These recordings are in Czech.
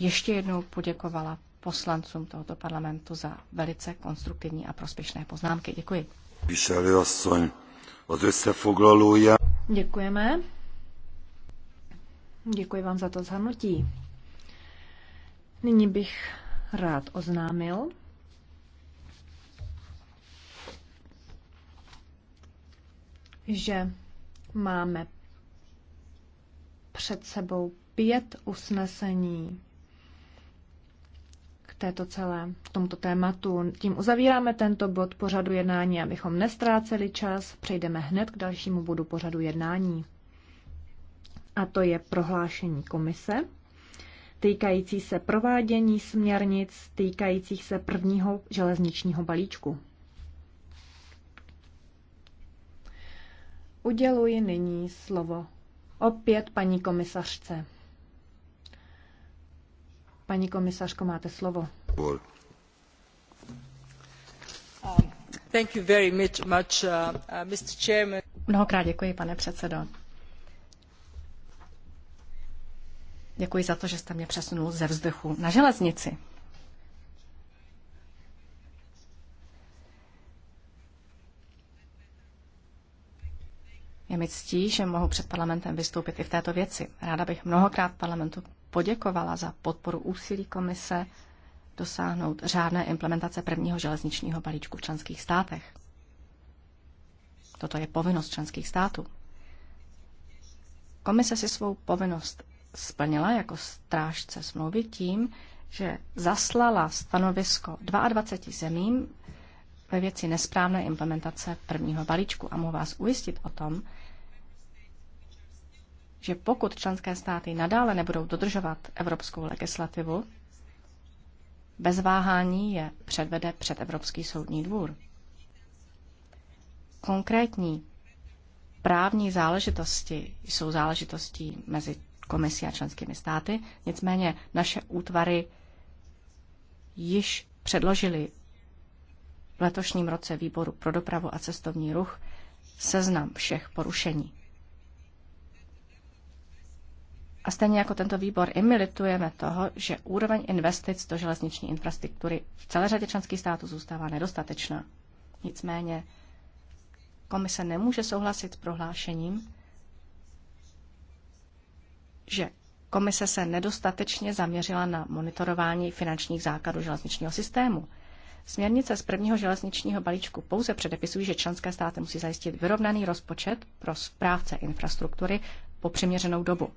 ještě jednou poděkovala poslancům tohoto parlamentu za velice konstruktivní a prospěšné poznámky. Děkuji. Děkujeme. Děkuji vám za to zhrnutí. Nyní bych rád oznámil, že máme před sebou pět usnesení této celé, tomuto tématu. Tím uzavíráme tento bod pořadu jednání, abychom nestráceli čas. Přejdeme hned k dalšímu bodu pořadu jednání. A to je prohlášení komise týkající se provádění směrnic týkajících se prvního železničního balíčku. Uděluji nyní slovo opět paní komisařce. Paní komisařko, máte slovo. Thank you very much, much uh, Mr. Chairman. Mnohokrát děkuji, pane předsedo. Děkuji za to, že jste mě přesunul ze vzduchu na železnici. Je mi ctí, že mohu před parlamentem vystoupit i v této věci. Ráda bych mnohokrát parlamentu poděkovala za podporu úsilí komise dosáhnout řádné implementace prvního železničního balíčku v členských státech. Toto je povinnost členských států. Komise si svou povinnost splnila jako strážce smlouvy tím, že zaslala stanovisko 22 zemím ve věci nesprávné implementace prvního balíčku. A mohu vás ujistit o tom, že pokud členské státy nadále nebudou dodržovat evropskou legislativu, bez váhání je předvede před Evropský soudní dvůr. Konkrétní právní záležitosti jsou záležitostí mezi komisí a členskými státy, nicméně naše útvary již předložili v letošním roce výboru pro dopravu a cestovní ruch seznam všech porušení. A stejně jako tento výbor i my litujeme toho, že úroveň investic do železniční infrastruktury v celé řadě členských států zůstává nedostatečná. Nicméně komise nemůže souhlasit s prohlášením, že komise se nedostatečně zaměřila na monitorování finančních základů železničního systému. Směrnice z prvního železničního balíčku pouze předepisují, že členské státy musí zajistit vyrovnaný rozpočet pro správce infrastruktury po přiměřenou dobu.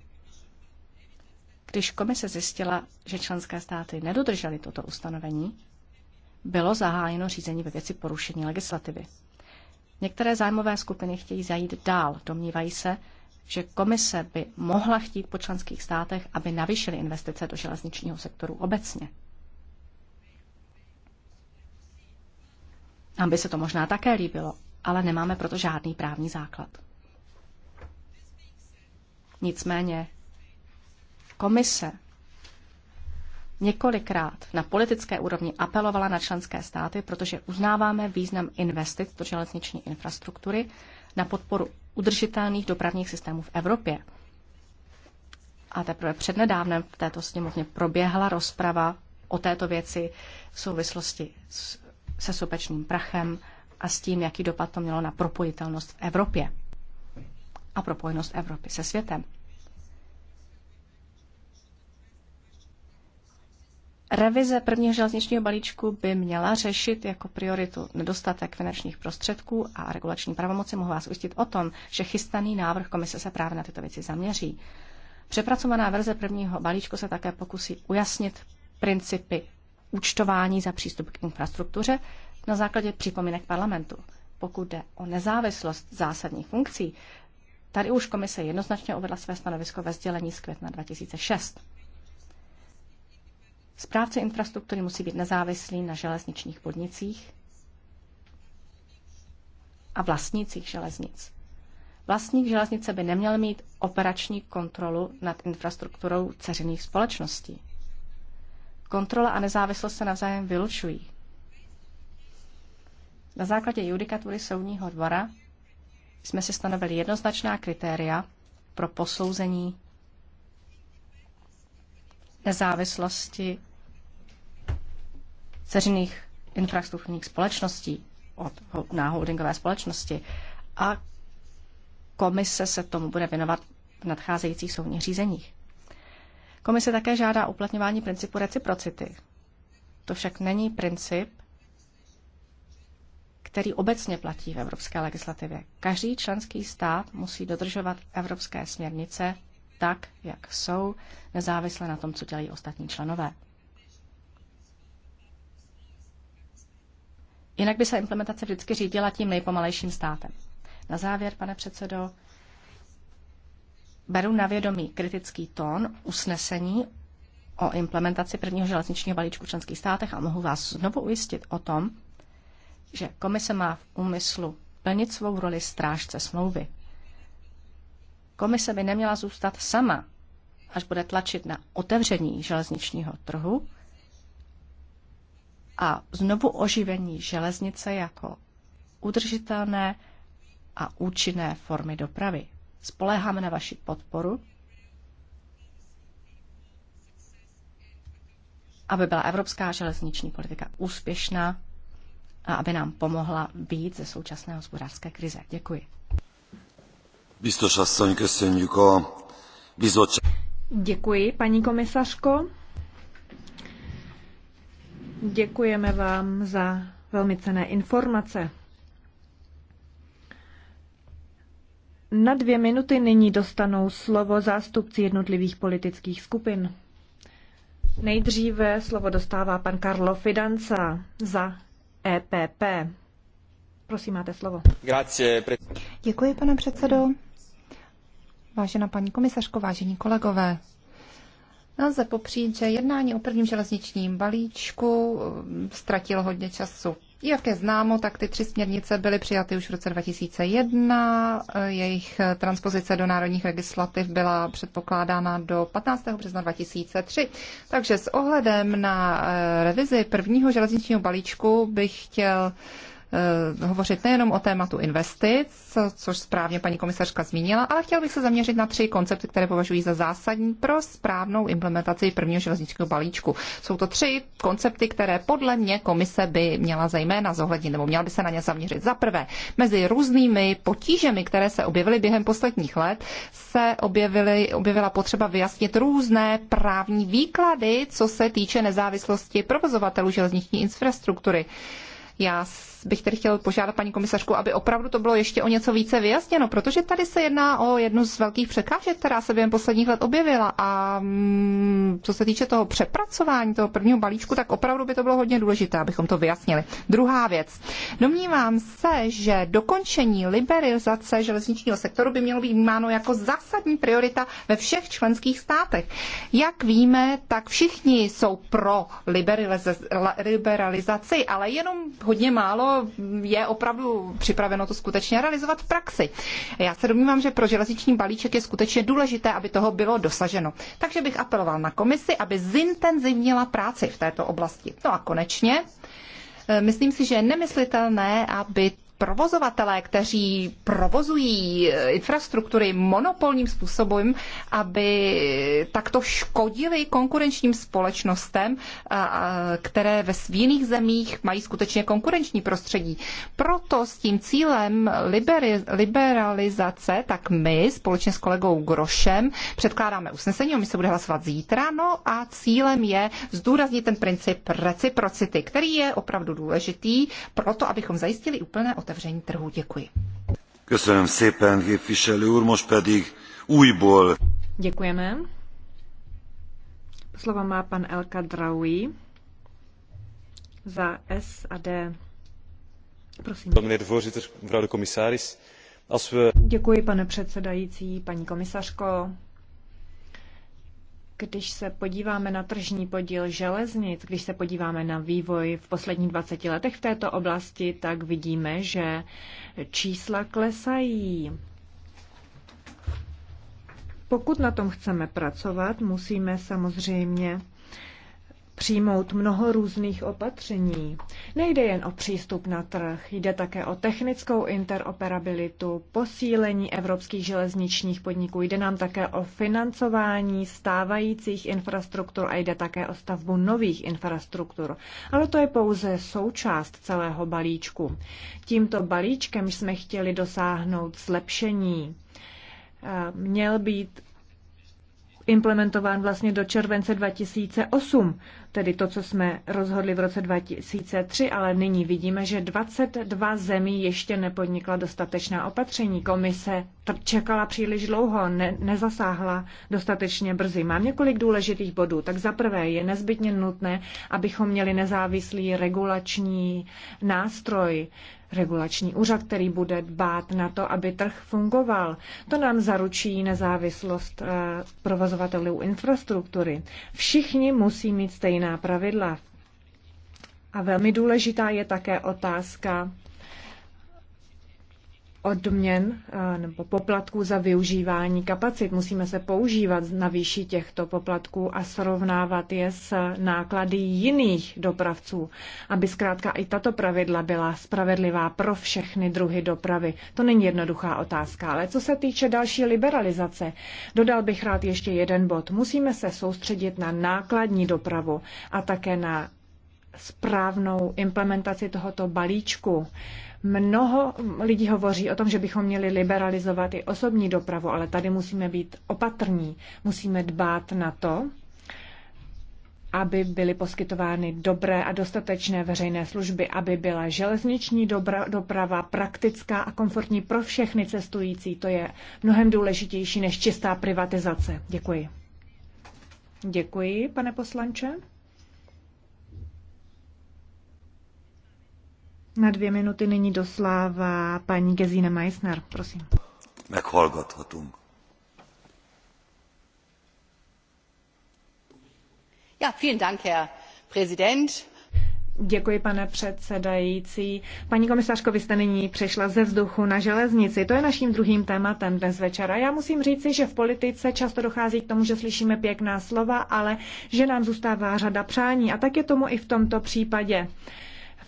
Když komise zjistila, že členské státy nedodržely toto ustanovení, bylo zahájeno řízení ve věci porušení legislativy. Některé zájmové skupiny chtějí zajít dál. Domnívají se, že komise by mohla chtít po členských státech, aby navyšily investice do železničního sektoru obecně. Nám by se to možná také líbilo, ale nemáme proto žádný právní základ. Nicméně Komise několikrát na politické úrovni apelovala na členské státy, protože uznáváme význam investic do železniční infrastruktury na podporu udržitelných dopravních systémů v Evropě. A teprve přednedávnem v této sněmovně proběhla rozprava o této věci v souvislosti s, se sopečným prachem a s tím, jaký dopad to mělo na propojitelnost v Evropě a propojenost Evropy se světem. Revize prvního železničního balíčku by měla řešit jako prioritu nedostatek finančních prostředků a regulační pravomoci. Mohu vás ujistit o tom, že chystaný návrh komise se právě na tyto věci zaměří. Přepracovaná verze prvního balíčku se také pokusí ujasnit principy účtování za přístup k infrastruktuře na základě připomínek parlamentu. Pokud jde o nezávislost zásadních funkcí, tady už komise jednoznačně uvedla své stanovisko ve sdělení z května 2006. Správce infrastruktury musí být nezávislý na železničních podnicích a vlastnících železnic. Vlastník železnice by neměl mít operační kontrolu nad infrastrukturou ceřených společností. Kontrola a nezávislost se navzájem vylučují. Na základě judikatury Soudního dvora jsme si stanovili jednoznačná kritéria pro posouzení nezávislosti ceřiných infrastrukturních společností od, na holdingové společnosti a komise se tomu bude věnovat v nadcházejících soudních řízeních. Komise také žádá uplatňování principu reciprocity. To však není princip, který obecně platí v evropské legislativě. Každý členský stát musí dodržovat evropské směrnice tak, jak jsou, nezávisle na tom, co dělají ostatní členové. Jinak by se implementace vždycky řídila tím nejpomalejším státem. Na závěr, pane předsedo, beru na vědomí kritický tón usnesení o implementaci prvního železničního balíčku v členských státech a mohu vás znovu ujistit o tom, že komise má v úmyslu plnit svou roli strážce smlouvy. Komise by neměla zůstat sama, až bude tlačit na otevření železničního trhu a znovu oživení železnice jako udržitelné a účinné formy dopravy. Spoléháme na vaši podporu, aby byla evropská železniční politika úspěšná a aby nám pomohla být ze současné hospodářské krize. Děkuji. Děkuji, paní komisařko. Děkujeme vám za velmi cené informace. Na dvě minuty nyní dostanou slovo zástupci jednotlivých politických skupin. Nejdříve slovo dostává pan Karlo Fidanza za EPP. Prosím, máte slovo. Děkuji, pane předsedo vážená paní komisařko, vážení kolegové. Nelze popřít, že jednání o prvním železničním balíčku um, ztratilo hodně času. Jak je známo, tak ty tři směrnice byly přijaty už v roce 2001. Eh, jejich eh, transpozice do národních legislativ byla předpokládána do 15. března 2003. Takže s ohledem na eh, revizi prvního železničního balíčku bych chtěl Eh, hovořit nejenom o tématu investic, což správně paní komisařka zmínila, ale chtěl bych se zaměřit na tři koncepty, které považuji za zásadní pro správnou implementaci prvního železničního balíčku. Jsou to tři koncepty, které podle mě komise by měla zejména zohlednit nebo měla by se na ně zaměřit. Za prvé, mezi různými potížemi, které se objevily během posledních let, se objevily, objevila potřeba vyjasnit různé právní výklady, co se týče nezávislosti provozovatelů železniční infrastruktury. Já bych tedy chtěl požádat paní komisařku, aby opravdu to bylo ještě o něco více vyjasněno, protože tady se jedná o jednu z velkých překážek, která se během posledních let objevila. A mm, co se týče toho přepracování toho prvního balíčku, tak opravdu by to bylo hodně důležité, abychom to vyjasnili. Druhá věc. Domnívám se, že dokončení liberalizace železničního sektoru by mělo být vnímáno jako zásadní priorita ve všech členských státech. Jak víme, tak všichni jsou pro liberalizaci, ale jenom hodně málo je opravdu připraveno to skutečně realizovat v praxi. Já se domnívám, že pro železniční balíček je skutečně důležité, aby toho bylo dosaženo. Takže bych apeloval na komisi, aby zintenzivnila práci v této oblasti. No a konečně, e, Myslím si, že je nemyslitelné, aby provozovatelé, kteří provozují eh, infrastruktury monopolním způsobem, aby takto škodili konkurenčním společnostem, které ve svých zemích mají skutečně konkurenční prostředí. Proto s tím cílem liberalizace, tak my společně s kolegou Grošem předkládáme usnesení, o my se bude hlasovat zítra, no a cílem je zdůraznit ten princip reciprocity, který je opravdu důležitý proto, abychom zajistili úplné otevření otevření trhu. Děkuji. Köszönöm szépen, képviselő úr, most pedig újból. Děkujeme. Slovo má pan Elka Draui za SAD. Prosím. Meneer de voorzitter, mevrouw Děkuji, pane předsedající, paní komisařko. Když se podíváme na tržní podíl železnic, když se podíváme na vývoj v posledních 20 letech v této oblasti, tak vidíme, že čísla klesají. Pokud na tom chceme pracovat, musíme samozřejmě přijmout mnoho různých opatření. Nejde jen o přístup na trh, jde také o technickou interoperabilitu, posílení evropských železničních podniků, jde nám také o financování stávajících infrastruktur a jde také o stavbu nových infrastruktur. Ale to je pouze součást celého balíčku. Tímto balíčkem jsme chtěli dosáhnout zlepšení. Měl být implementován vlastně do července 2008, tedy to, co jsme rozhodli v roce 2003, ale nyní vidíme, že 22 zemí ještě nepodnikla dostatečná opatření. Komise čekala příliš dlouho, ne- nezasáhla dostatečně brzy. Mám několik důležitých bodů. Tak za prvé je nezbytně nutné, abychom měli nezávislý regulační nástroj, regulační úřad, který bude dbát na to, aby trh fungoval. To nám zaručí nezávislost eh, provozovatelů infrastruktury. Všichni musí mít stejná pravidla. A velmi důležitá je také otázka odměn eh, nebo poplatků za využívání kapacit. Musíme se používat na výši těchto poplatků a srovnávat je s náklady jiných dopravců, aby zkrátka i tato pravidla byla spravedlivá pro všechny druhy dopravy. To není jednoduchá otázka, ale co se týče další liberalizace, dodal bych rád ještě jeden bod. Musíme se soustředit na nákladní dopravu a také na správnou implementaci tohoto balíčku. Mnoho lidí hovoří o tom, že bychom měli liberalizovat i osobní dopravu, ale tady musíme být opatrní. Musíme dbát na to, aby byly poskytovány dobré a dostatečné veřejné služby, aby byla železniční dobra, doprava praktická a komfortní pro všechny cestující. To je mnohem důležitější než čistá privatizace. Děkuji. Děkuji, pane poslanče. Na dvě minuty nyní doslává paní Gezína Meissner, prosím. Meghallgathatunk. Ja, vielen Dank, Herr Präsident. Děkuji, pane předsedající. Paní komisařko, vy jste nyní přešla ze vzduchu na železnici. To je naším druhým tématem dnes večera. Já musím říci, že v politice často dochází k tomu, že slyšíme pěkná slova, ale že nám zůstává řada přání. A tak je tomu i v tomto případě.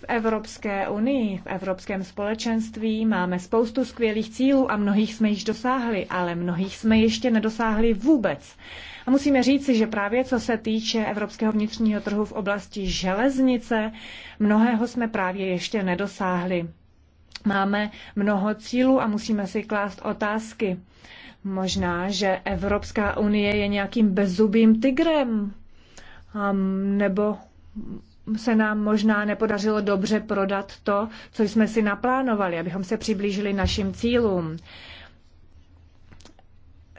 Evropské unii, v Evropském společenství máme spoustu skvělých cílů a mnohých jsme již dosáhli, ale mnohých jsme ještě nedosáhli vůbec. A musíme říci, že právě co se týče evropského vnitřního trhu v oblasti železnice, mnohého jsme právě ještě nedosáhli. Máme mnoho cílů a musíme si klást otázky. Možná, že Evropská unie je nějakým bezubým tigrem, um, nebo se nám možná nepodařilo dobře prodat to, co jsme si naplánovali, abychom se přiblížili našim cílům.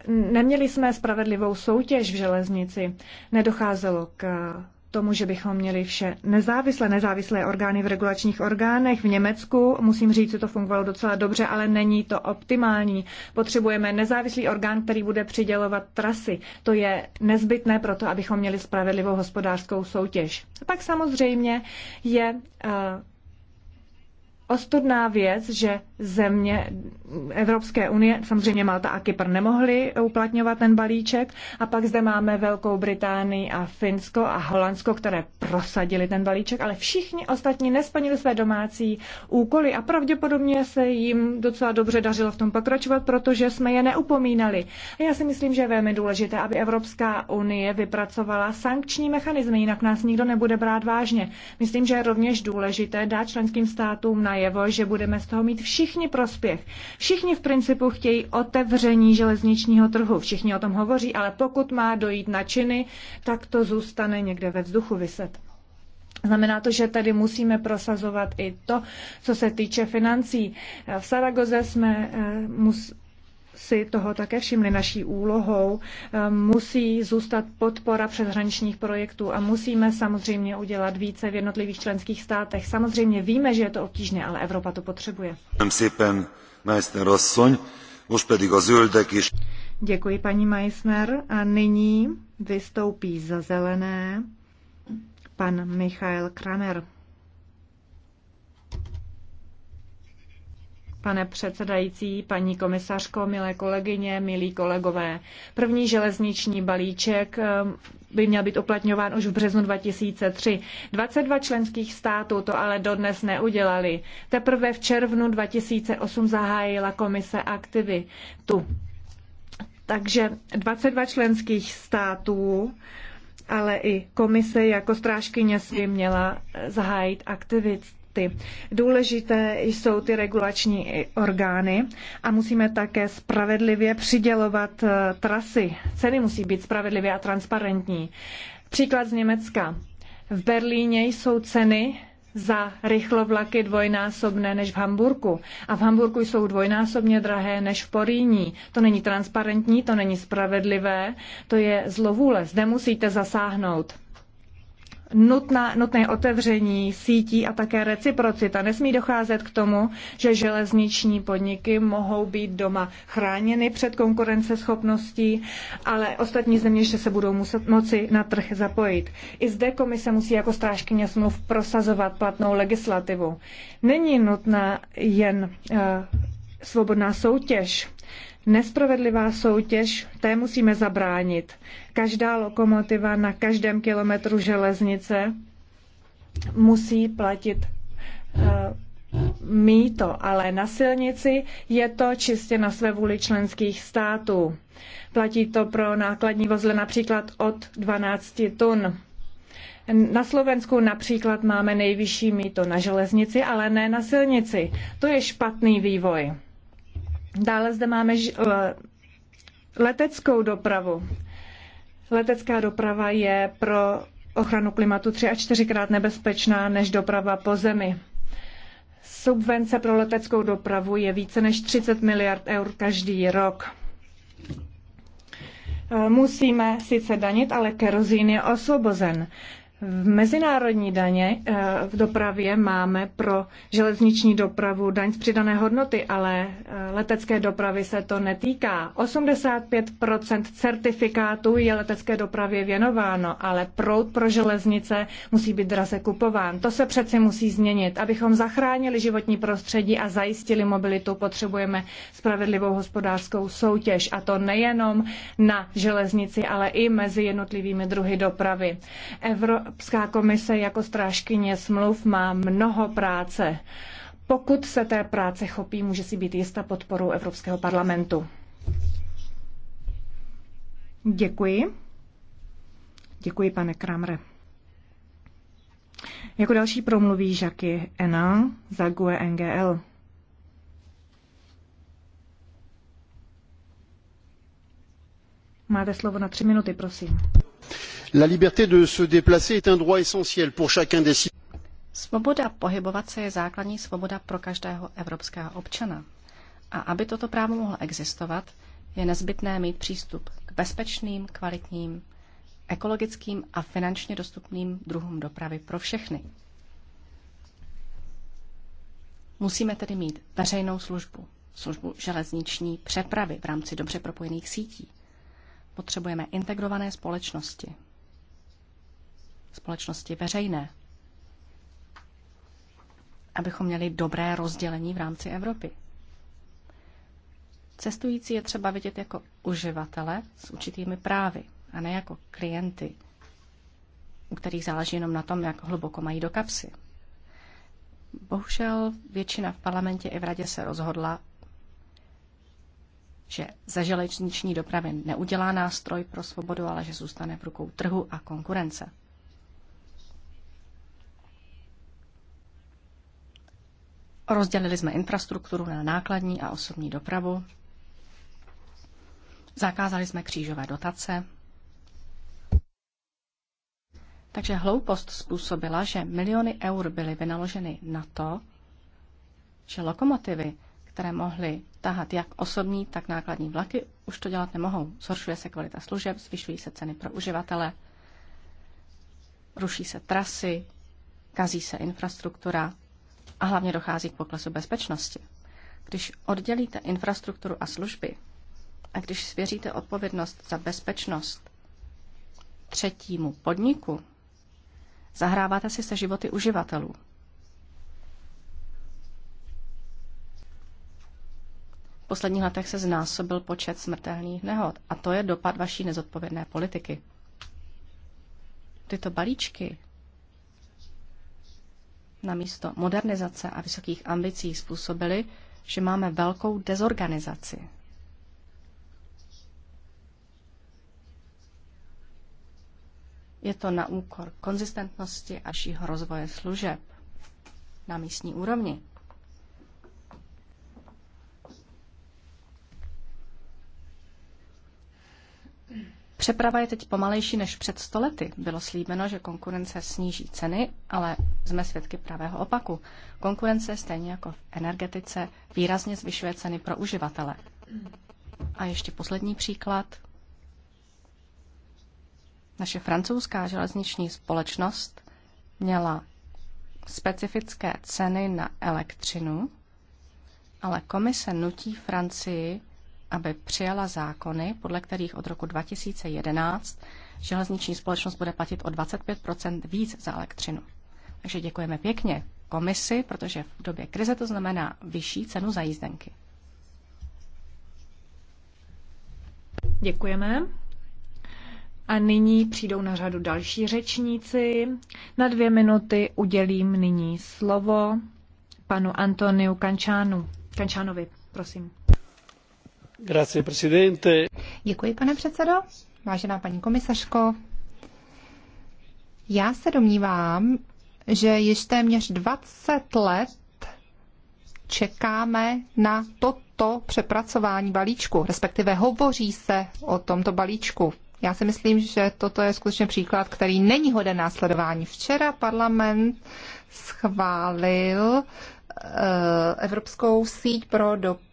Neměli jsme spravedlivou soutěž v železnici, nedocházelo k tomu, že bychom měli vše nezávislé, nezávislé orgány v regulačních orgánech. V Německu, musím říct, že to fungovalo docela dobře, ale není to optimální. Potřebujeme nezávislý orgán, který bude přidělovat trasy. To je nezbytné pro to, abychom měli spravedlivou hospodářskou soutěž. Pak samozřejmě je uh, ostudná věc, že země Evropské unie, samozřejmě Malta a Kypr nemohli uplatňovat ten balíček a pak zde máme Velkou Británii a Finsko a Holandsko, které prosadili ten balíček, ale všichni ostatní nesplnili své domácí úkoly a pravděpodobně se jim docela dobře dařilo v tom pokračovat, protože jsme je neupomínali. A já si myslím, že je velmi důležité, aby Evropská unie vypracovala sankční mechanizmy, jinak nás nikdo nebude brát vážně. Myslím, že je rovněž důležité dát členským státům na najevo, že budeme z toho mít všichni prospěch. Všichni v principu chtějí otevření železničního trhu, všichni o tom hovoří, ale pokud má dojít na činy, tak to zůstane někde ve vzduchu vyset. Znamená to, že tady musíme prosazovat i to, co se týče financí. V Saragoze jsme eh, mus, si toho také všimli. Naší úlohou ehm, musí zůstat podpora přeshraničních projektů a musíme samozřejmě udělat více v jednotlivých členských státech. Samozřejmě víme, že je to obtížné, ale Evropa to potřebuje. Děkuji, paní Meissner. A nyní vystoupí za zelené pan Michael Kramer. Pane předsedající, paní komisařko, milé kolegyně, milí kolegové, první železniční balíček eh, by měl být uplatňován už v březnu 2003. 22 členských států to ale dodnes neudělali. Teprve v červnu 2008 zahájila komise tu. Takže 22 členských států ale i komise jako strážkyně si měla zahájit aktivit, státy. Důležité jsou ty regulační orgány a musíme také spravedlivě přidělovat eh, trasy. Ceny musí být spravedlivé a transparentní. Příklad z Německa. V Berlíně jsou ceny za rychlovlaky dvojnásobné než v Hamburku. A v Hamburku jsou dvojnásobně drahé než v Poríní. To není transparentní, to není spravedlivé, to je zlovůle. Zde musíte zasáhnout nutná, nutné otevření sítí a také reciprocita. Nesmí docházet k tomu, že železniční podniky mohou být doma chráněny před konkurenceschopností, ale ostatní země že se budou muset moci na trh zapojit. I zde komise musí jako strážkyně smluv prosazovat platnou legislativu. Není nutná jen uh, svobodná soutěž Nespravedlivá soutěž, té musíme zabránit. Každá lokomotiva na každém kilometru železnice musí platit eh, mýto, ale na silnici je to čistě na své vůli členských států. Platí to pro nákladní vozle například od 12 tun. Na Slovensku například máme nejvyšší mýto na železnici, ale ne na silnici. To je špatný vývoj. Dále zde máme eh, leteckou dopravu. Letecká doprava je pro ochranu klimatu tři a čtyřikrát nebezpečná než doprava po zemi. Subvence pro leteckou dopravu je více než 30 miliard eur každý rok. Eh, musíme sice danit, ale kerozín je osvobozen. V mezinárodní daně eh, v dopravě máme pro železniční dopravu daň z přidané hodnoty, ale eh, letecké dopravy se to netýká. 85 certifikátů je letecké dopravě věnováno, ale prout pro železnice musí být draze kupován. To se přeci musí změnit. Abychom zachránili životní prostředí a zajistili mobilitu, potřebujeme spravedlivou hospodářskou soutěž. A to nejenom na železnici, ale i mezi jednotlivými druhy dopravy. Evro, Evropská komise jako strážkyně smluv má mnoho práce. Pokud se té práce chopí, může si být jista podporou Evropského parlamentu. Děkuji. Děkuji, pane Kramre. Jako další promluví Žaky Ena za GUE NGL. Máte slovo na tři minuty, prosím. La liberté de se déplacer est un droit essentiel pour chacun des citoyens. Svoboda pohybovat se je základní svoboda pro každého evropského občana. A aby toto právo mohlo existovat, je nezbytné mít přístup k bezpečným, kvalitním, ekologickým a finančně dostupným druhům dopravy pro všechny. Musíme tedy mít veřejnou službu, službu železniční přepravy v rámci dobře propojených sítí. Potřebujeme integrované společnosti, společnosti veřejné, abychom měli dobré rozdělení v rámci Evropy. Cestující je třeba vidět jako uživatele s určitými právy a ne jako klienty, u kterých záleží jenom na tom, jak hluboko mají do kapsy. Bohužel většina v parlamentě i v radě se rozhodla, že ze železniční dopravy neudělá nástroj pro svobodu, ale že zůstane v rukou trhu a konkurence. Rozdělili jsme infrastrukturu na nákladní a osobní dopravu. Zakázali jsme křížové dotace. Takže hloupost způsobila, že miliony eur byly vynaloženy na to, že lokomotivy, které mohly tahat jak osobní, tak nákladní vlaky, už to dělat nemohou. Zhoršuje se kvalita služeb, zvyšují se ceny pro uživatele, ruší se trasy, kazí se infrastruktura, a hlavně dochází k poklesu bezpečnosti. Když oddělíte infrastrukturu a služby a když svěříte odpovědnost za bezpečnost třetímu podniku, zahráváte si se životy uživatelů. V posledních letech se znásobil počet smrtelných nehod a to je dopad vaší nezodpovědné politiky. Tyto balíčky na místo modernizace a vysokých ambicí způsobily, že máme velkou dezorganizaci. Je to na úkor konzistentnosti a šího rozvoje služeb na místní úrovni. Přeprava je teď pomalejší než před stolety. Bylo slíbeno, že konkurence sníží ceny, ale jsme svědky pravého opaku. Konkurence, stejně jako v energetice, výrazně zvyšuje ceny pro uživatele. A ještě poslední příklad. Naše francouzská železniční společnost měla specifické ceny na elektřinu, ale komise nutí Francii aby přijala zákony, podle kterých od roku 2011 železniční společnost bude platit o 25 víc za elektřinu. Takže děkujeme pěkně komisi, protože v době krize to znamená vyšší cenu za jízdenky. Děkujeme. A nyní přijdou na řadu další řečníci. Na dvě minuty udělím nyní slovo panu Antoniu Kančánu. Kančánovi, prosím. Děkuji, pane předsedo. Vážená paní komisařko, já se domnívám, že již téměř 20 let čekáme na toto přepracování balíčku, respektive hovoří se o tomto balíčku. Já si myslím, že toto je skutečně příklad, který není hoden následování. Včera parlament schválil eh, Evropskou síť pro dopravu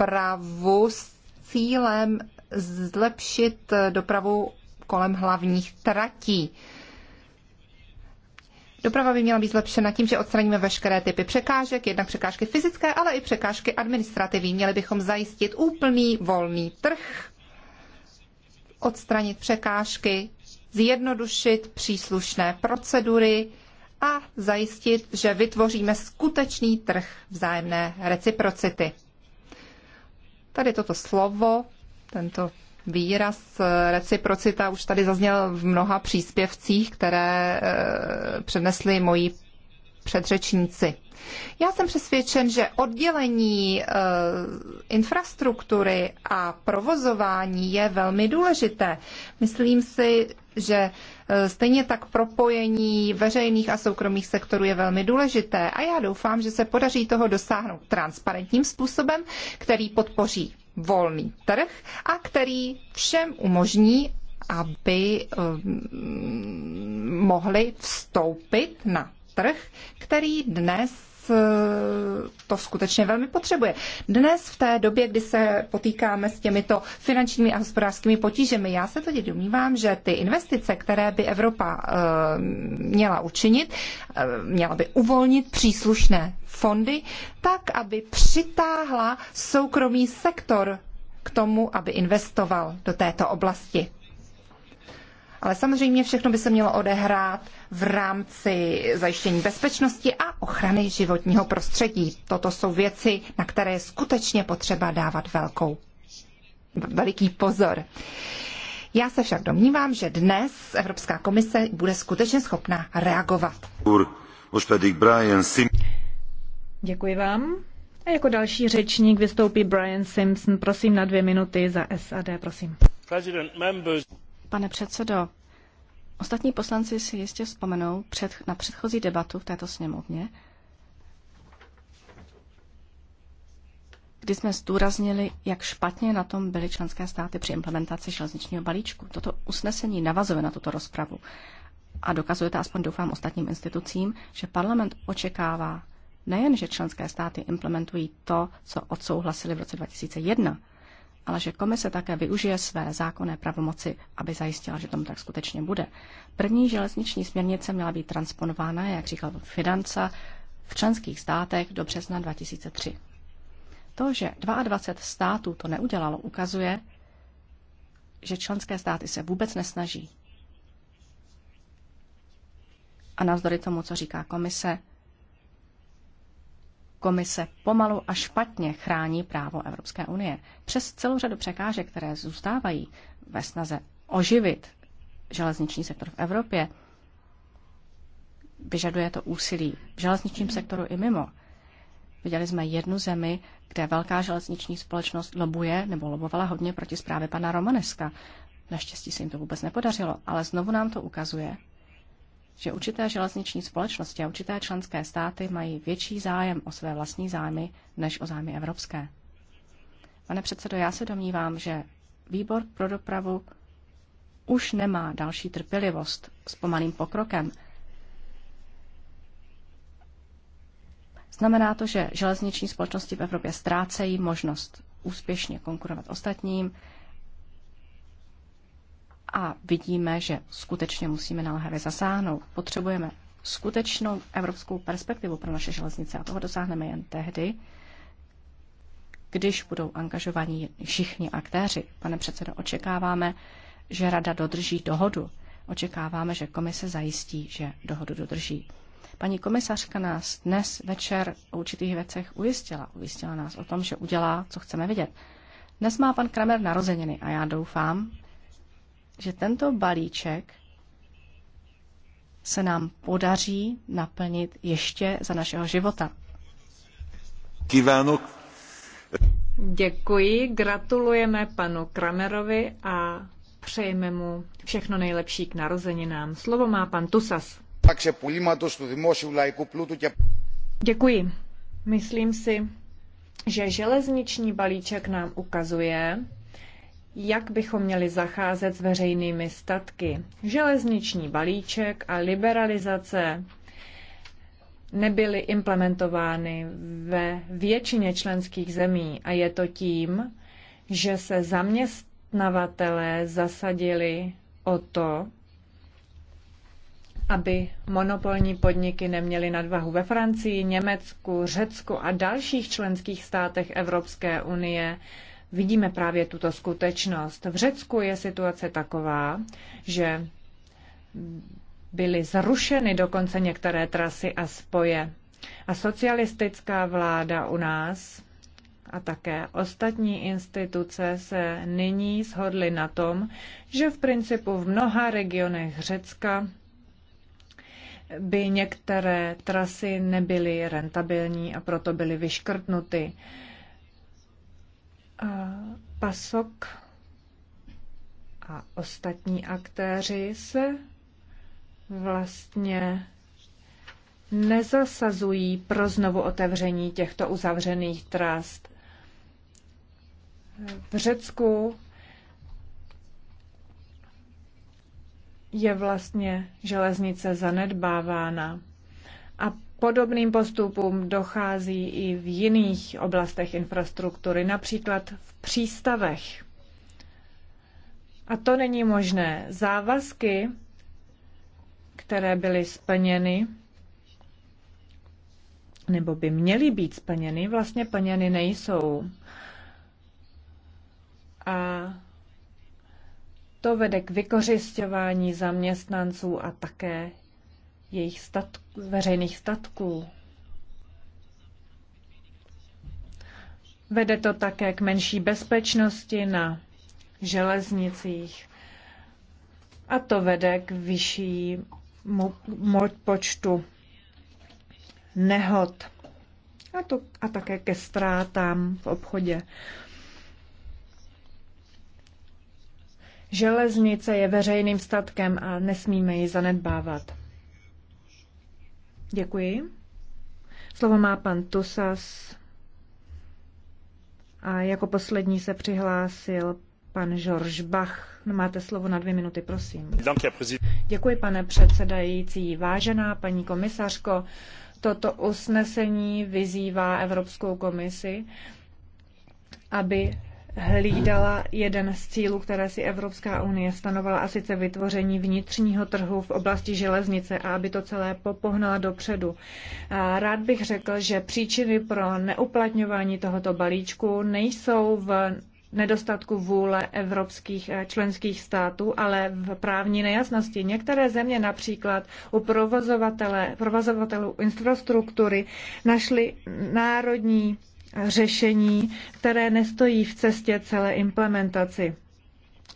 dopravu s cílem zlepšit dopravu kolem hlavních tratí. Doprava by měla být zlepšena tím, že odstraníme veškeré typy překážek, jednak překážky fyzické, ale i překážky administrativní. Měli bychom zajistit úplný volný trh, odstranit překážky, zjednodušit příslušné procedury a zajistit, že vytvoříme skutečný trh vzájemné reciprocity. Tady toto slovo, tento výraz eh, reciprocita už tady zazněl v mnoha příspěvcích, které eh, přednesli moji předřečníci. Já jsem přesvědčen, že oddělení eh, infrastruktury a provozování je velmi důležité. Myslím si, že eh, stejně tak propojení veřejných a soukromých sektorů je velmi důležité a já doufám, že se podaří toho dosáhnout transparentním způsobem, který podpoří volný trh a který všem umožní, aby eh, mohli vstoupit na trh, který dnes to skutečně velmi potřebuje. Dnes v té době, kdy se potýkáme s těmito finančními a hospodářskými potížemi, já se tedy domnívám, že ty investice, které by Evropa eh, měla učinit, eh, měla by uvolnit příslušné fondy, tak, aby přitáhla soukromý sektor k tomu, aby investoval do této oblasti. Ale samozřejmě všechno by se mělo odehrát v rámci zajištění bezpečnosti a ochrany životního prostředí. Toto jsou věci, na které je skutečně potřeba dávat velkou, veliký pozor. Já se však domnívám, že dnes Evropská komise bude skutečně schopná reagovat. Děkuji vám. A jako další řečník vystoupí Brian Simpson, prosím na dvě minuty za SAD, prosím. Pane předsedo, ostatní poslanci si jistě vzpomenou před, na předchozí debatu v této sněmovně, kdy jsme zdůraznili, jak špatně na tom byly členské státy při implementaci železničního balíčku. Toto usnesení navazuje na tuto rozpravu a dokazuje to aspoň doufám ostatním institucím, že parlament očekává nejen, že členské státy implementují to, co odsouhlasili v roce 2001, ale že komise také využije své zákonné pravomoci, aby zajistila, že tomu tak skutečně bude. První železniční směrnice měla být transponována, jak říkal Fidanca, v členských státech do března 2003. To, že 22 států to neudělalo, ukazuje, že členské státy se vůbec nesnaží. A navzdory tomu, co říká komise, Komise pomalu a špatně chrání právo Evropské unie. Přes celou řadu překážek, které zůstávají ve snaze oživit železniční sektor v Evropě, vyžaduje to úsilí v železničním sektoru i mimo. Viděli jsme jednu zemi, kde velká železniční společnost lobuje nebo lobovala hodně proti zprávě pana Romaneska. Naštěstí se jim to vůbec nepodařilo, ale znovu nám to ukazuje, že určité železniční společnosti a určité členské státy mají větší zájem o své vlastní zájmy než o zájmy evropské. Pane předsedo, já se domnívám, že výbor pro dopravu už nemá další trpělivost s pomalým pokrokem. Znamená to, že železniční společnosti v Evropě ztrácejí možnost úspěšně konkurovat ostatním, a vidíme, že skutečně musíme naléhavě zasáhnout. Potřebujeme skutečnou evropskou perspektivu pro naše železnice a toho dosáhneme jen tehdy, když budou angažovaní všichni aktéři. Pane předsedo, očekáváme, že Rada dodrží dohodu. Očekáváme, že komise zajistí, že dohodu dodrží. Paní komisařka nás dnes večer o určitých věcech ujistila. Ujistila nás o tom, že udělá, co chceme vidět. Dnes má pan Kramer narozeniny a já doufám, že tento balíček se nám podaří naplnit ještě za našeho života. Kivánok. Děkuji, gratulujeme panu Kramerovi a přejeme mu všechno nejlepší k narozeninám. Slovo má pan Tusas. Děkuji. Myslím si, že železniční balíček nám ukazuje, jak bychom měli zacházet s veřejnými statky. Železniční balíček a liberalizace nebyly implementovány ve většině členských zemí a je to tím, že se zaměstnavatelé zasadili o to, aby monopolní podniky neměly nadvahu ve Francii, Německu, Řecku a dalších členských státech Evropské unie vidíme právě tuto skutečnost. V Řecku je situace taková, že byly zrušeny dokonce některé trasy a spoje. A socialistická vláda u nás a také ostatní instituce se nyní shodly na tom, že v principu v mnoha regionech Řecka by některé trasy nebyly rentabilní a proto byly vyškrtnuty. PASOK a ostatní aktéři se vlastně nezasazují pro znovu otevření těchto uzavřených trast. V Řecku je vlastně železnice zanedbávána a podobným postupům dochází i v jiných oblastech infrastruktury, například v přístavech. A to není možné. Závazky, které byly splněny, nebo by měly být splněny, vlastně plněny nejsou. A to vede k vykořišťování zaměstnanců a také jejich statk, veřejných statků. Vede to také k menší bezpečnosti na železnicích a to vede k vyššímu počtu nehod a, to, a také ke ztrátám v obchodě. Železnice je veřejným statkem a nesmíme ji zanedbávat. Děkuji. Slovo má pan Tusas. A jako poslední se přihlásil pan Žorž Bach. Máte slovo na dvě minuty, prosím. Děkuji, pane předsedající. Vážená paní komisařko, toto usnesení vyzývá Evropskou komisi, aby hlídala jeden z cílů, které si Evropská unie stanovala, a sice vytvoření vnitřního trhu v oblasti železnice a aby to celé popohnala dopředu. A rád bych řekl, že příčiny pro neuplatňování tohoto balíčku nejsou v nedostatku vůle evropských eh, členských států, ale v právní nejasnosti. Některé země například u provozovatele, provozovatelů infrastruktury našly národní řešení, které nestojí v cestě celé implementaci.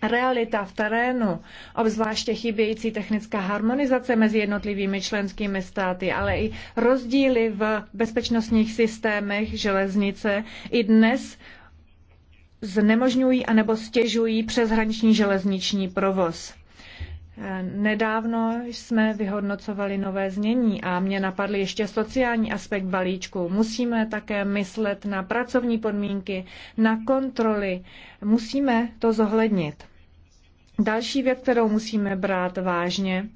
Realita v terénu, obzvláště chybějící technická harmonizace mezi jednotlivými členskými státy, ale i rozdíly v bezpečnostních systémech železnice i dnes znemožňují anebo stěžují přeshraniční železniční provoz. Nedávno jsme vyhodnocovali nové znění a mě napadl ještě sociální aspekt balíčku. Musíme také myslet na pracovní podmínky, na kontroly. Musíme to zohlednit. Další věc, kterou musíme brát vážně,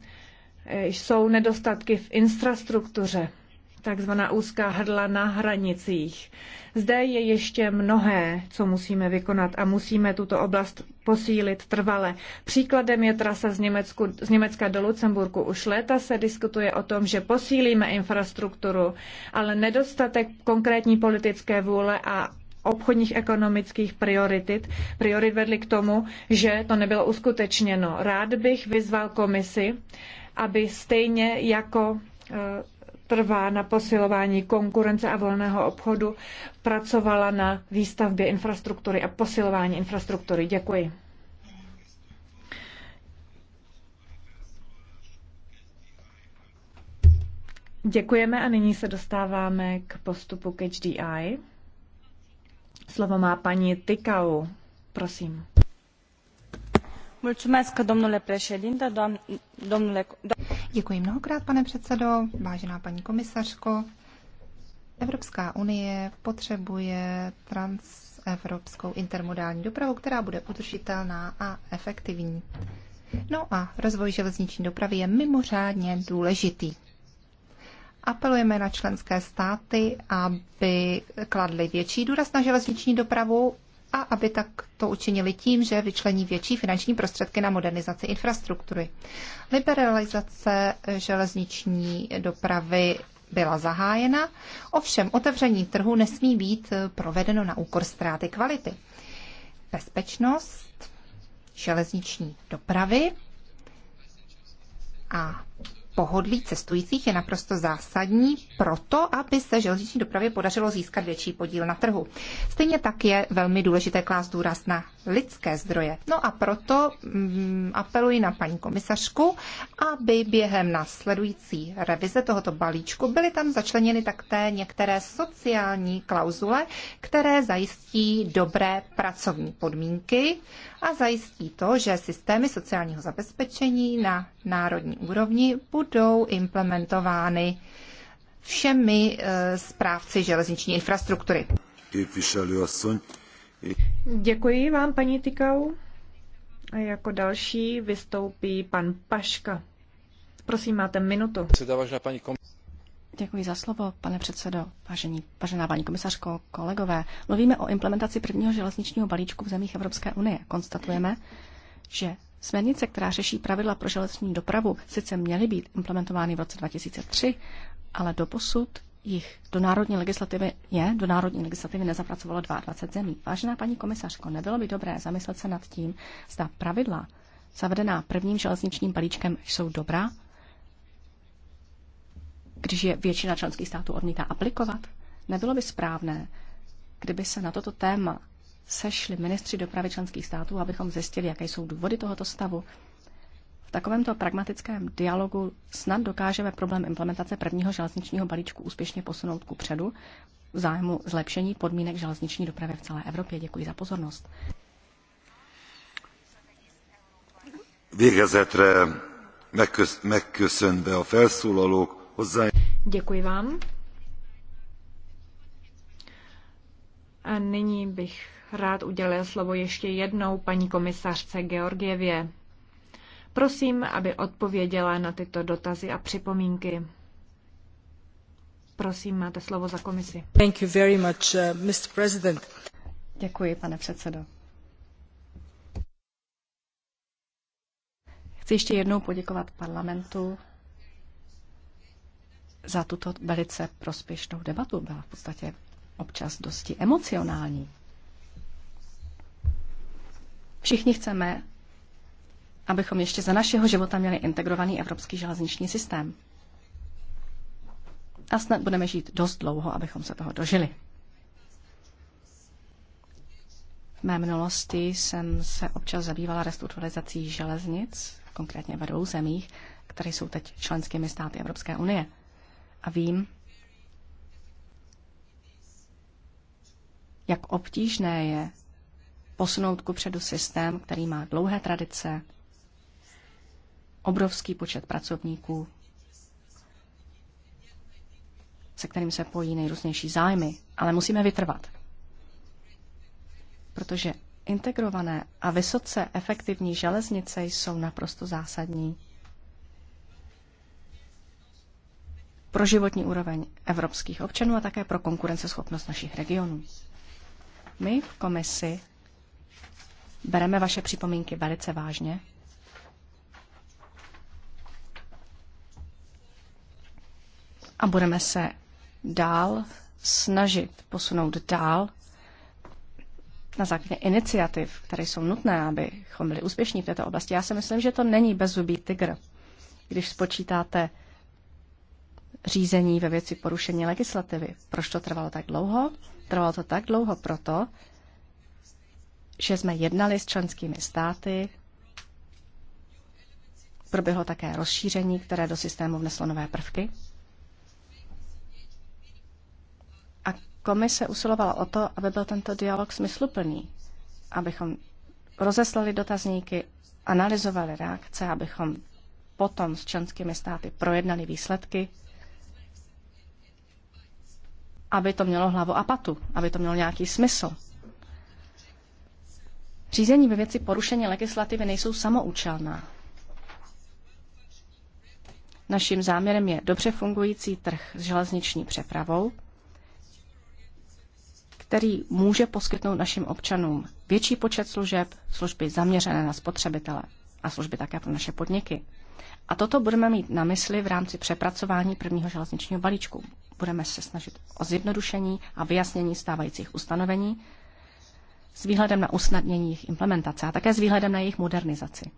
jsou nedostatky v infrastruktuře takzvaná úzká hrdla na hranicích. Zde je ještě mnohé, co musíme vykonat a musíme tuto oblast posílit trvale. Příkladem je trasa z, Německu, z Německa do Lucemburku. Už léta se diskutuje o tom, že posílíme infrastrukturu, ale nedostatek konkrétní politické vůle a obchodních ekonomických priorit priorit vedly k tomu, že to nebylo uskutečněno. Rád bych vyzval komisi, aby stejně jako eh, trvá na posilování konkurence a volného obchodu, pracovala na výstavbě infrastruktury a posilování infrastruktury. Děkuji. Děkujeme a nyní se dostáváme k postupu k HDI. Slovo má paní Tykau. Prosím. Mulțumesc, domnule președinte, doamne, domnule, do- Děkuji mnohokrát, pane předsedo, vážená paní komisařko. Evropská unie potřebuje transevropskou intermodální dopravu, která bude udržitelná a efektivní. No a rozvoj železniční dopravy je mimořádně důležitý. Apelujeme na členské státy, aby kladly větší důraz na železniční dopravu a aby tak to učinili tím, že vyčlení větší finanční prostředky na modernizaci infrastruktury. Liberalizace železniční dopravy byla zahájena, ovšem otevření trhu nesmí být provedeno na úkor ztráty kvality. Bezpečnost železniční dopravy a pohodlí cestujících je naprosto zásadní proto, aby se železniční dopravě podařilo získat větší podíl na trhu. Stejně tak je velmi důležité klást důraz na lidské zdroje. No a proto mm, apeluji na paní komisařku, aby během následující revize tohoto balíčku byly tam začleněny takté některé sociální klauzule, které zajistí dobré pracovní podmínky a zajistí to, že systémy sociálního zabezpečení na národní úrovni budou implementovány všemi eh, správci železniční infrastruktury. Děkuji vám, paní Tykau. A jako další vystoupí pan Paška. Prosím, máte minutu. Děkuji za slovo, pane předsedo, vážení, vážená paní komisařko, kolegové. Mluvíme o implementaci prvního železničního balíčku v zemích Evropské unie. Konstatujeme, že směrnice, která řeší pravidla pro železniční dopravu, sice měly být implementovány v roce 2003, ale doposud jich do národní legislativy je, do národní legislativy nezapracovalo 22 zemí. Vážená paní komisařko, nebylo by dobré zamyslet se nad tím, zda pravidla zavedená prvním železničním balíčkem jsou dobrá když je většina členských států odmítá aplikovat? Nebylo by správné, kdyby se na toto téma sešli ministři dopravy členských států, abychom zjistili, jaké jsou důvody tohoto stavu. V takovémto pragmatickém dialogu snad dokážeme problém implementace prvního železničního balíčku úspěšně posunout ku předu v zájmu zlepšení podmínek železniční dopravy v celé Evropě. Děkuji za pozornost. Végezetre megköszönve a felszólalók, Děkuji vám. A nyní bych rád udělil slovo ještě jednou paní komisařce Georgievě. Prosím, aby odpověděla na tyto dotazy a připomínky. Prosím, máte slovo za komisi. Thank you very much, uh, Mr. President. Děkuji, pane předsedo. Chci ještě jednou poděkovat parlamentu za tuto velice prospěšnou debatu. Byla v podstatě občas dosti emocionální. Všichni chceme, abychom ještě za našeho života měli integrovaný evropský železniční systém. A snad budeme žít dost dlouho, abychom se toho dožili. V mé minulosti jsem se občas zabývala restrukturalizací železnic, konkrétně ve dvou zemích, které jsou teď členskými státy Evropské unie a vím, jak obtížné je posunout ku předu systém, který má dlouhé tradice, obrovský počet pracovníků, se kterým se pojí nejrůznější zájmy, ale musíme vytrvat. Protože integrované a vysoce efektivní železnice jsou naprosto zásadní pro životní úroveň evropských občanů a také pro konkurenceschopnost našich regionů. My v komisi bereme vaše připomínky velice vážně. A budeme se dál snažit posunout dál na základě iniciativ, které jsou nutné, abychom byli úspěšní v této oblasti. Já si myslím, že to není bezubý tygr. Když spočítáte řízení ve věci porušení legislativy. Proč to trvalo tak dlouho? Trvalo to tak dlouho proto, že jsme jednali s členskými státy, proběhlo také rozšíření, které do systému vneslo nové prvky. A komise usilovala o to, aby byl tento dialog smysluplný, abychom rozeslali dotazníky, analyzovali reakce, abychom potom s členskými státy projednali výsledky aby to mělo hlavu a patu, aby to mělo nějaký smysl. Řízení ve věci porušení legislativy nejsou samoučelná. Naším záměrem je dobře fungující trh s železniční přepravou, který může poskytnout našim občanům větší počet služeb, služby zaměřené na spotřebitele a služby také pro naše podniky. A toto budeme mít na mysli v rámci přepracování prvního železničního balíčku. Budeme se snažit o zjednodušení a vyjasnění stávajících ustanovení s výhledem na usnadnění jejich implementace a také s výhledem na jejich modernizaci.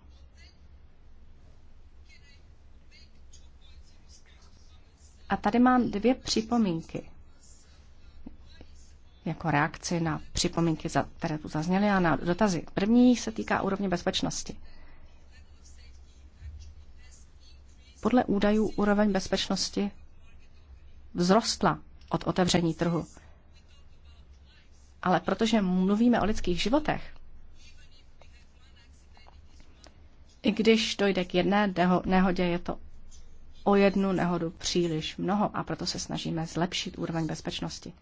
A tady mám dvě připomínky jako reakci na připomínky, které tu zazněly a na dotazy. První se týká úrovně bezpečnosti. Podle údajů úroveň bezpečnosti vzrostla od otevření trhu. Ale protože mluvíme o lidských životech, i když dojde k jedné nehodě, je to o jednu nehodu příliš mnoho a proto se snažíme zlepšit úroveň bezpečnosti.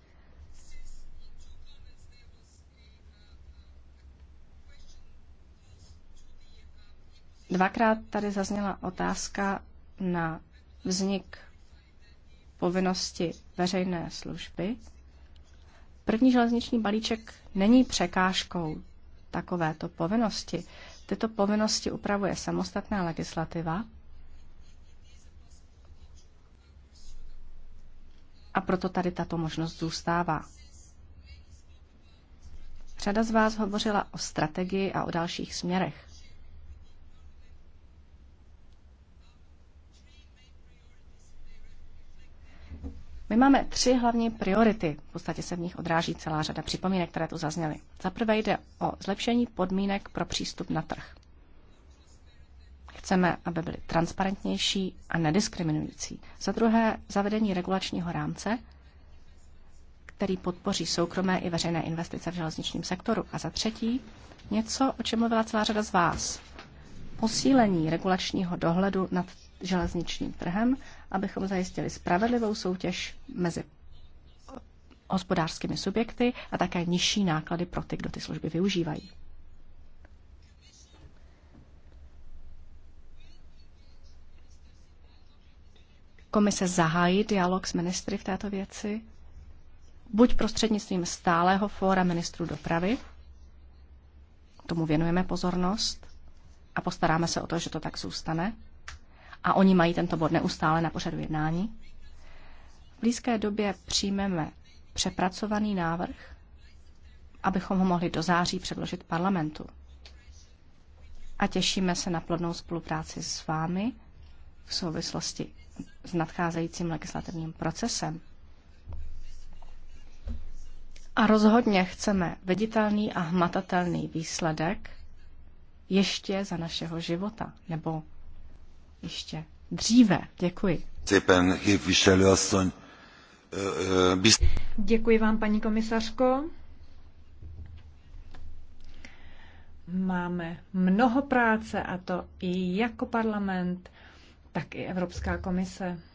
Dvakrát tady zazněla otázka na vznik povinnosti veřejné služby, první železniční balíček není překážkou takovéto povinnosti. Tyto povinnosti upravuje samostatná legislativa a proto tady tato možnost zůstává. Řada z vás hovořila o strategii a o dalších směrech. My máme tři hlavní priority, v podstatě se v nich odráží celá řada připomínek, které tu zazněly. Za prvé jde o zlepšení podmínek pro přístup na trh. Chceme, aby byly transparentnější a nediskriminující. Za druhé, zavedení regulačního rámce, který podpoří soukromé i veřejné investice v železničním sektoru. A za třetí, něco, o čem mluvila celá řada z vás. Posílení regulačního dohledu nad železničním trhem, abychom zajistili spravedlivou soutěž mezi hospodářskými subjekty a také nižší náklady pro ty, kdo ty služby využívají. Komise zahájí dialog s ministry v této věci, buď prostřednictvím stálého fóra ministrů dopravy, tomu věnujeme pozornost a postaráme se o to, že to tak zůstane, a oni mají tento bod neustále na pořadu jednání. V blízké době přijmeme přepracovaný návrh, abychom ho mohli do září předložit parlamentu. A těšíme se na plodnou spolupráci s vámi v souvislosti s nadcházejícím legislativním procesem. A rozhodně chceme viditelný a hmatatelný výsledek ještě za našeho života, nebo ještě dříve. Děkuji. Děkuji vám, paní komisařko. Máme mnoho práce a to i jako parlament, tak i Evropská komise.